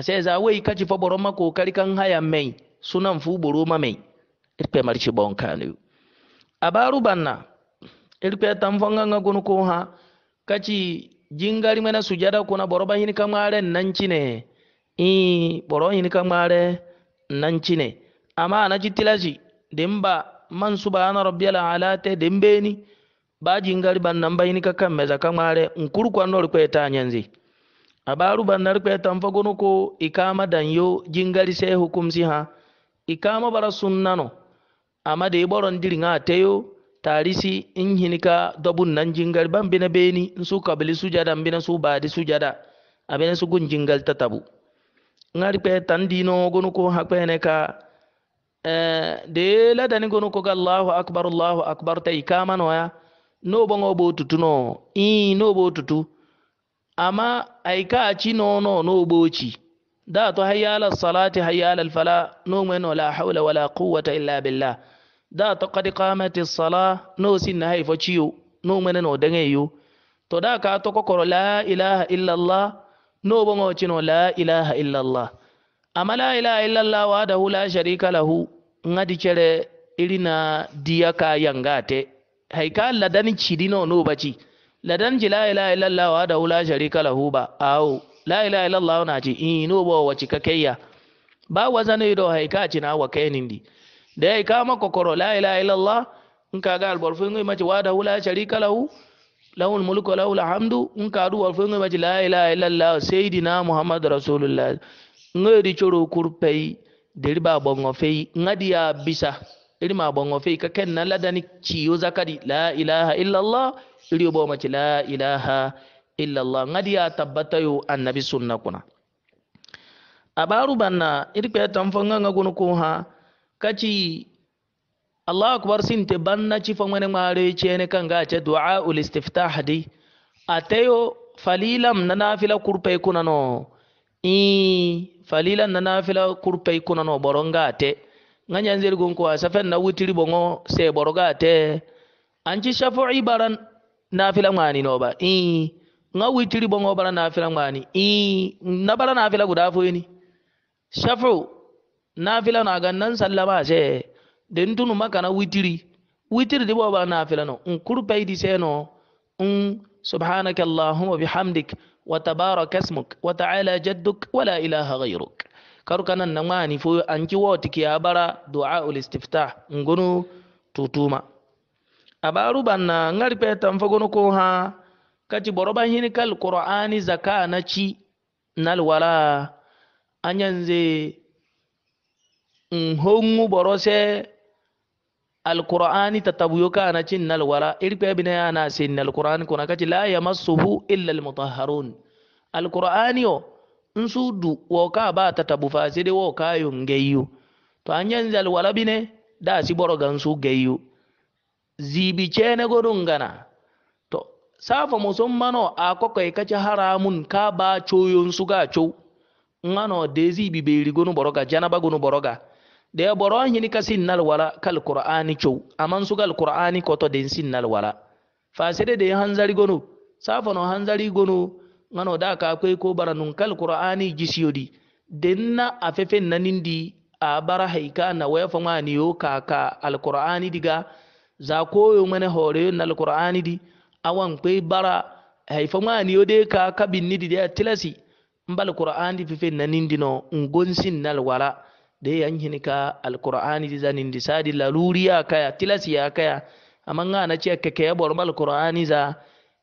aseza wai kaci fo boro ma kokari kan haya mai sunan fu boro ma mai irpe marci bon kanu abaru banna irpe tan fonga nga gunu ko ha kaci jingari mana sujada kuna boro ba hin kan mare nan cine i boro hin kan mare nan cine amma na jitilasi dimba man subhana rabbiyal ala te dimbeni ba jingari banna, ba hin kan meza kan mare nkuru kwa ndor ko ta nyanzi habaru bannar kwe tamfa gono ko ikama danyo jingali se hukum si ha ikama bara sunnano ama de boron diri nga teyo tarisi inhinika dobun nan jingali bambina beni nsu kabili sujada mbina su badi sujada abina su gun jingali tatabu ngari pe tandino gono ko hakwene ka eh, de la dani gono ko gallahu akbar allahu akbar ta ikama no ya no bongo bo tutuno i no bo tutuno amma aika ci nono no boci da to hayyala salati hayyala fala no men la hawla wala quwwata illa billah da to qad qamati sala no sin haifo ciyo no men no dange yo to da ka to kokoro la ilaha illa allah no ci no la ilaha illa allah amma la ilaha illa allah wa da la sharika lahu ngadi cere irina diyaka ka yangate haika ladani cidino no baci ladanji la ilaha illallah wa da la sharika lahu ba awo la ilaha illallah na ci ino bo wa cikakayya ba wazane do haika ci na wa kainin di da ya kama kokoro la ilaha illallah in ka ga albarfin ngai mace wa da la sharika lahu lahul mulku lahul hamdu in ka du albarfin ngai mace la ilaha illallah sayyidina muhammad rasulullah ngai di choro kurpei diri ba bongo fei ngadi ya bisa iri ma bongo fei ka ken na ladani ciyo zakadi la ilaha illallah iriyo bo mati la ilaha illallah ngadi ya tabbata yo annabi sunna kuna abaru banna irpe tamfanga ngagunu ko ha kaci allah akbar sinte banna ci fangane mare cene kanga ce du'a ul istiftah di ateyo falilam na nafila kurpe kuna no i falilan na nafila kurpe kuna no boronga ate nganyanzir gonko asafen na wutiri bongo se boroga ate anci shafu'i baran nafila ŋmaani noba ii ŋa witiri boŋo bara nafila ŋmaani ii na bara nafila guda foyini shafu nafila na ga nan sallama se den tunu makana witiri witiri di boba nafila no nkuru peydi seno n subhanaka allahuma bihamdik wa tabaraka ismuk wa taala jadduk wala ilaha gayruk karu kanan na ŋmaani fo anki woti kiya bara duaul istiftah ngunu tutuma abaru banna ngari petan fagono ko ha kati boroba hini kal qur'ani zaka na ci nal wala anyanze nhongu borose alqur'ani tatabuyo kana cin nal wala irpe bina yana sin nal qur'ani kuna kati la yamassuhu illa al mutahharun alqur'ani o nsu du wo ka ba tatabu faside wo ka yungeyu to anyanze al wala bine da si boro gansu geyu zibi cene godun gana to safa musummano a kokai kaci haramun ka ba coyon su ga co ngano de zibi beri gunu boroga janaba gunu boroga de boro hini ka sinnal wala kal qur'ani co aman su gal qur'ani koto den sinnal wala fasede de hanzari gunu safa no hanzari gunu ngano da ka kai ko bara nun kal qur'ani jisiyodi denna afefen nanindi a bara haika na wefa ngani yo ka ka al qur'ani diga za koyo mene hore na alqur'ani di awan kwe bara haifa mani yode ka kabin nidi da tilasi mbal qur'ani fi fe di no ngonsin nal wala de yan hinika alqur'ani di zanindi sadi laluriya kaya tilasi ya kaya amma nga na ce kake ya bor mal qur'ani za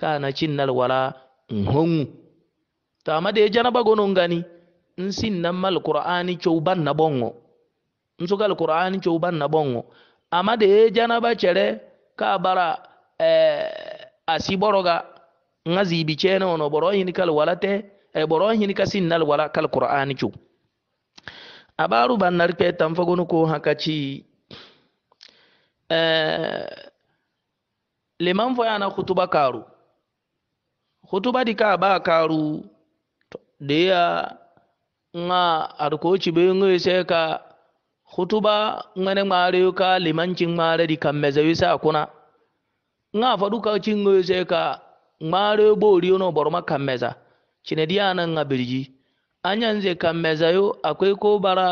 ka na cin nal wala nhongu to amma da de janaba gonon gani nsin nan mal qur'ani chouban na bongo nsugal qur'ani chouban na bongo amma da ya janaba cere ka bara eh, asi boroga nga zibi cene ono boro hini kal walate e eh, boro hini kasin nal wala kal qur'ani cu abaru nar pe tam fagonu ko hakaci eh, fo yana khutuba karu khutuba di ka ba karu de ya nga arko ci be ngi se ka hutuba ngane mare ka limanci di kammezeyo se a kuna nga fadu ka ciŋoyo se ka ŋmareyo boriyo no boroma kammeza cinediya nan ŋa birji anyanze kammezayo akwai ko bara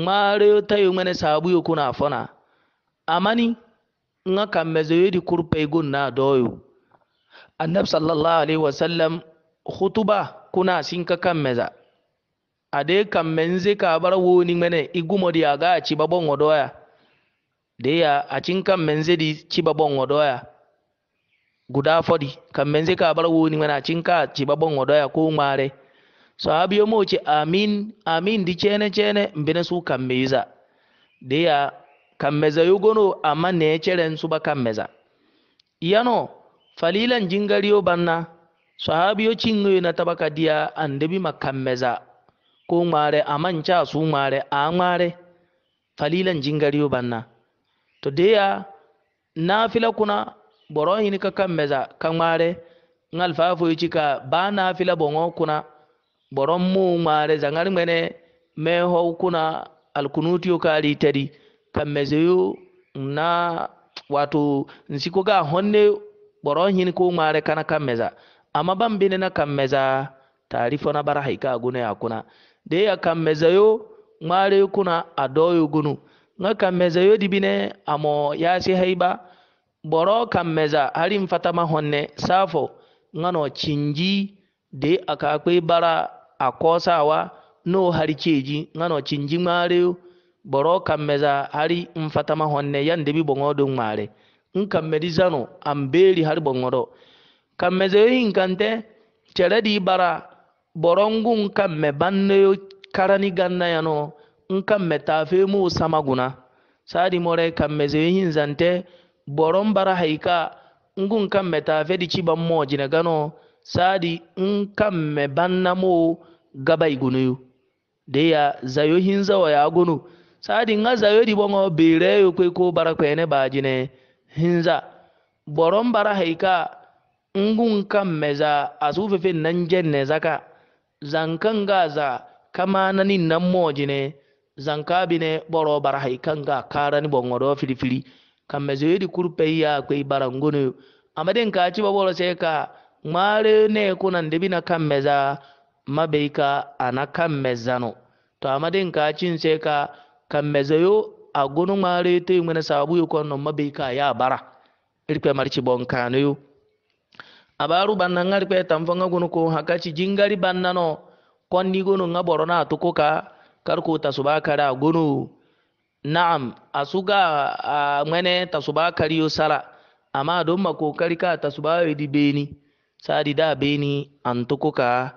ŋmareyo tayo ŋene sabuyo kuna fona amani ŋa kammezeyo di kurpe gun na doyo annab sallallahu alaihi wasallam hutuba kuna sinka kammeza ade kamme menze ka bara woni mene igumodi aga chiba de ya a acin kamme menze di chiba bongo doya guda fodi kamme menze ka bara woni mene a acin ka chiba bongo doya ko mare abiyo mo ce amin amin di cene cene mbene su de ya deya kamme za yugono amma ne ceren su ba kamme za yano falilan jingariyo banna sahabiyo cingoyo na tabaka diya andebi makammeza ko ŋmaarɛ a maŋ kyɛ a suu ŋmaarɛ a ŋmaarɛ falilan jingariyo banna to deya nafila kuna boro hini ka kan meza ka ŋmaarɛ ŋal fa foyi cika baa nafila boŋo kuna boro mu ŋmaarɛ zaŋar ŋmene me how kuna alkunutiyo kaari tadi kan mezeyo na wato nsiko ga honne boro hini ko ŋmaarɛ kana kan meza amma ban bene na kan meza taari fona bara haika gune a kuna deya kammezayo mare kuna adoyo gunu nga kammezayo dibine amo yasi hayba boro kammeza harin fatama honne safo ngano cinji de aka kwe bara a kosawa no hari ceji ngano cinji mare boro kammeza hari in fatama honne yande bi bongo do mare in kammedi zano amberi har bongo do kammezayo hinkante ceredi bara borongu nkamme banneyo karani gannayano nkamme tafemu samaguna sadi more kamme zehin zante boron bara haika ngun mɛ tafe di ciban jinɛ gano sadi nkamme bannamo gabai gunuyu ya zayo wa ya gunu sadi nga zayo di bongo yo kwe ko bara kwene jinɛ hinza boron bara haika ngun kamme za su fefe nan ne zaka zankanga za kamanani nan bi ne boro bara haikanga karani bongodo filifili kamme kurpe ya kwe barangunu amaden ka ci boro sai ka mare ne kunan na kan meza mabeika ana kamme zano to amaden ka cin sai ka kan zayo a agunu mare te ngana sabu yo kono mabeika ya bara irpe marci bonkano yo abaru banna ngari kwe tamfa nga gunu ko hakachi jingari banna no kondi gunu nga borona atuko ka karko tasuba kara gunu na'am asuga a mene tasuba kariyo sala amma don kari ka tasuba di beni sadi da beni antuko ka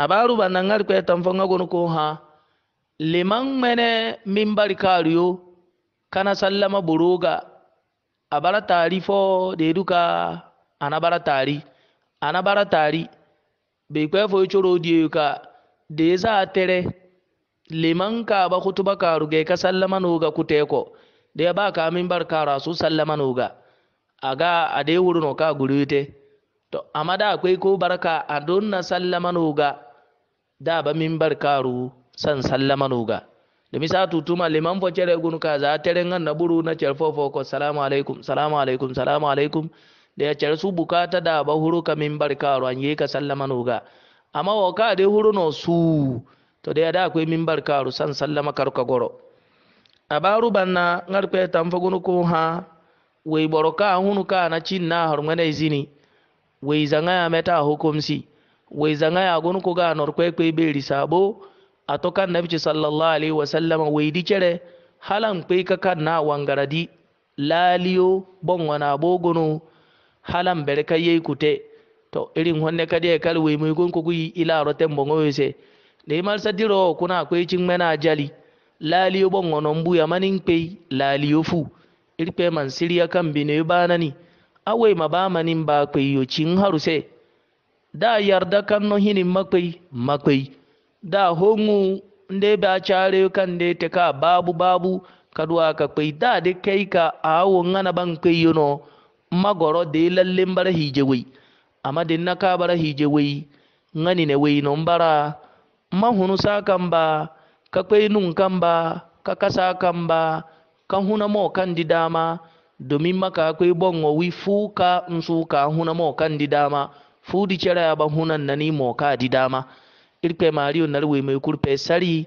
abaru banna ngari kwe tamfa nga gunu ko ha liman mene mimbari kariyo kana sallama buruga abara tarifo da duka anabara tari anabara tari be kwe fo choro diyo ka de za tere liman ka ba kutuba ka ruge ka sallama noga kuteko de ba ka min ka rasu sallama noga aga ade no ka gurute to amada akwai ko barka a donna sallama noga da ba min ka ru san sallama noga da misa tutuma liman fo chere gunu ka za tere ngan na buru na chelfo fo ko salamu alaikum salamu alaikum salamu alaikum da ya charsu bukata da ba huru kamin barkaro ruwan yi ka sallama noga amma wa ka dai huru no su to da ya da akwai min barkaro san sallama karka goro a baru banna ngar kwe tamfa gunu ko ha wai boroka hunu ka na cin na har ngana izini wai zanga ya meta hukumsi wai zanga ya gunu ko ga nor kwe kwe beri a to kan nabi sallallahu alaihi wasallam wai di cere halan pe ka kan na wangaradi laliyo bon wana bogono halan berka yei kute to irin honne kadi e kal wey muy gon ko guyi ila rote mbongo wese de mal sadiro kuna ko cin mena jali laliyo bongo non buya manin pei laliyo fu irpe man siriya kan bine banani awai ma ba kwai yo cin se da yarda kan no hinin makwai makwai da hongu nde ba care kan de te babu babu kaduwa ka kwai da de kai ka awo ngana bang kwai yo no magoro de lallen bara hije wai amma de na ka bara hije wai ngani ne wai non bara ma hunu sa kan ba ka kwai nun kan ba ka kasa kan ba kan huna mo kan di dama domin maka kwai bon wo wi fu ka in su ka huna mo kan di dama fu di cera ya ba hunan na ni mo ka di dama irpe mariyo narwe mai kurpe sari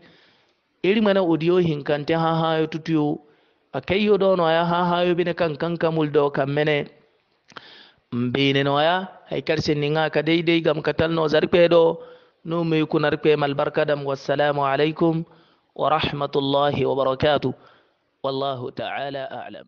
iri mana odiyo hinkante ha ha yo tutuyo a kai yo dono ya ha ha yo bine kan kan kamul do kan mene mbine no ya hay karse karsinninga ka dey dey gam ka talno zarkpeɗo numi mal malbarka dam wa wassalamu aleykum wa rahmatullahi wa barakatuh wallahu taala alam